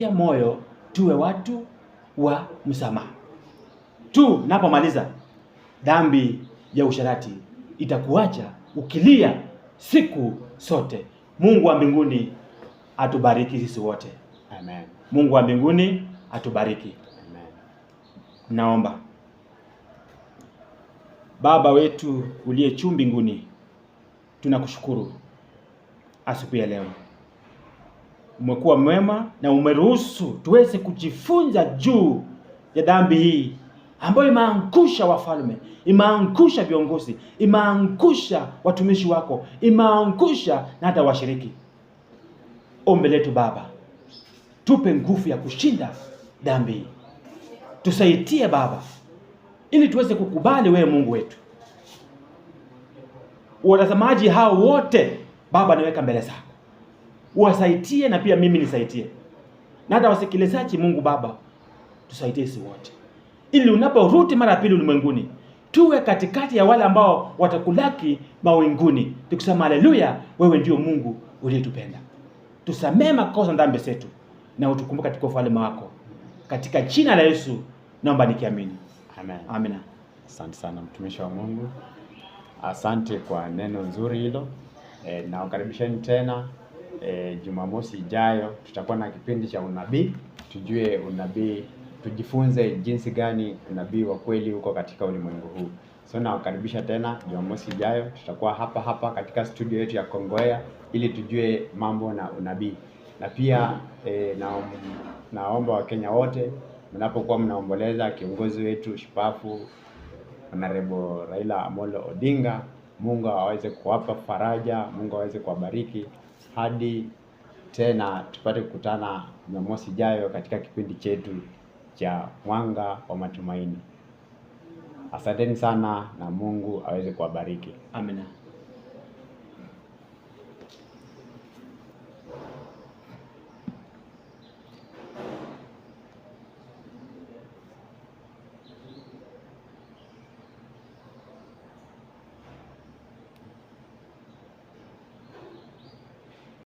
moyo tuwe watu wa msamaha tu. Napomaliza, dhambi ya usharati itakuacha ukilia siku sote. Mungu wa mbinguni atubariki sisi wote Amen. Mungu wa mbinguni atubariki Amen. Naomba. Baba wetu uliye juu mbinguni, tunakushukuru asubuhi ya leo umekuwa mwema na umeruhusu tuweze kujifunza juu ya dhambi hii ambayo imeangusha wafalme, imeangusha viongozi, imeangusha watumishi wako, imeangusha na hata washiriki. Ombi letu Baba, tupe nguvu ya kushinda dhambi hii, tusaidie Baba ili tuweze kukubali wewe Mungu wetu. Watazamaji hao wote Baba, naweka mbele zako uwasaitie na pia mimi nisaitie, na hata wasikilizaji, Mungu Baba tusaidie sisi wote, ili unaporudi mara ya pili ulimwenguni tuwe katikati ya wale ambao watakulaki mawinguni, tukisema haleluya, wewe ndio Mungu uliyetupenda. Tusamee makosa na dhambi zetu, na utukumbuke katika ufalme wako, katika jina la Yesu naomba nikiamini, amen. Amina. Asante sana mtumishi wa Mungu, asante kwa neno nzuri hilo. E, nawakaribisheni tena e, Jumamosi ijayo tutakuwa na kipindi cha unabii, tujue unabii, tujifunze jinsi gani unabii wa kweli huko katika ulimwengu huu. So nawakaribisha tena Jumamosi ijayo, tutakuwa hapa hapa katika studio yetu ya Kongowea ili tujue mambo na unabii, na pia e, na, naomba Wakenya wote mnapokuwa mnaomboleza kiongozi wetu shipafu Honorable Raila Amolo Odinga, Mungu aweze kuwapa faraja, Mungu aweze kuwabariki hadi tena tupate kukutana Jumamosi ijayo katika kipindi chetu cha Mwanga wa Matumaini. Asanteni sana na Mungu aweze kuwabariki. Amina.